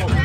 boppam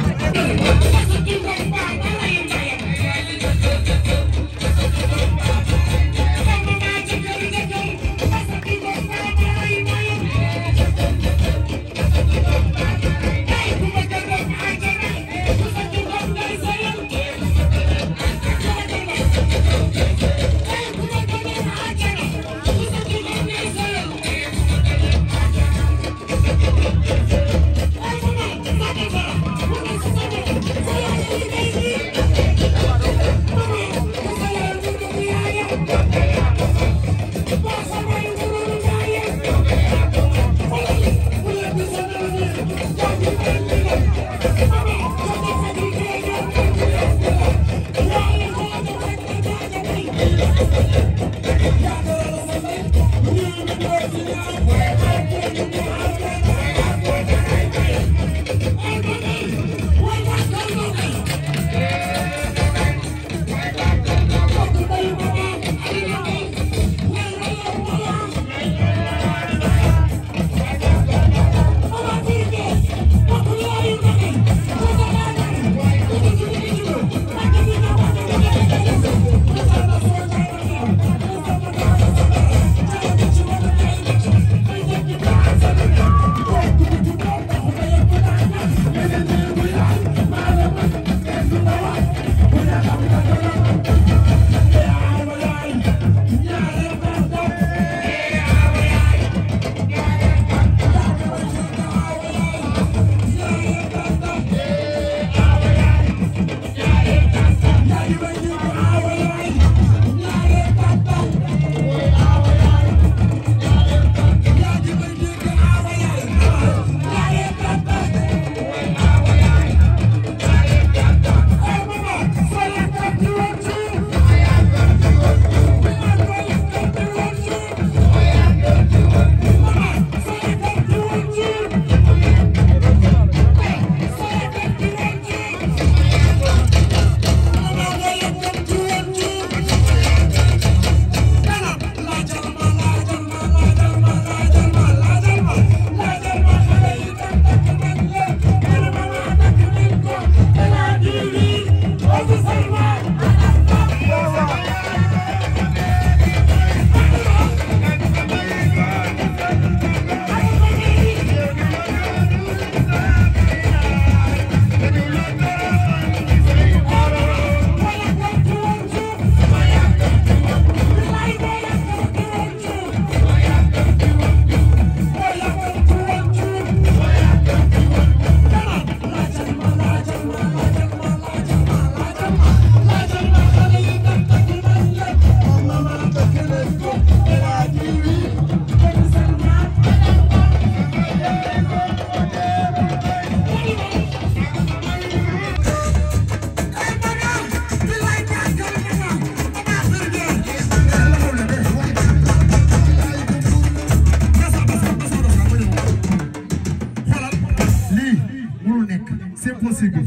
possible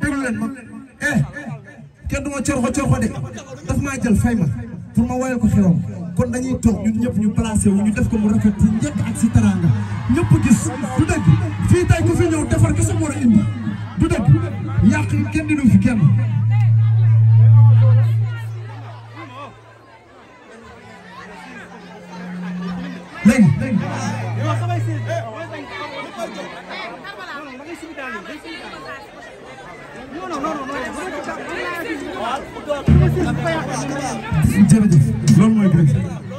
déglu leen ma eh du ma corxo corxo de daf maa jël fay ma pour ma woyal ko xewam kon dañuy to ñun ñëpp ñu placé wu ñu def ko mu rafet ci njëkk ak si teraanga ñëpp gis du dëgg fii tay ku fi ñëw defar ko sa mor a indi du dëgg fi kenn jërëjëf loolu mooy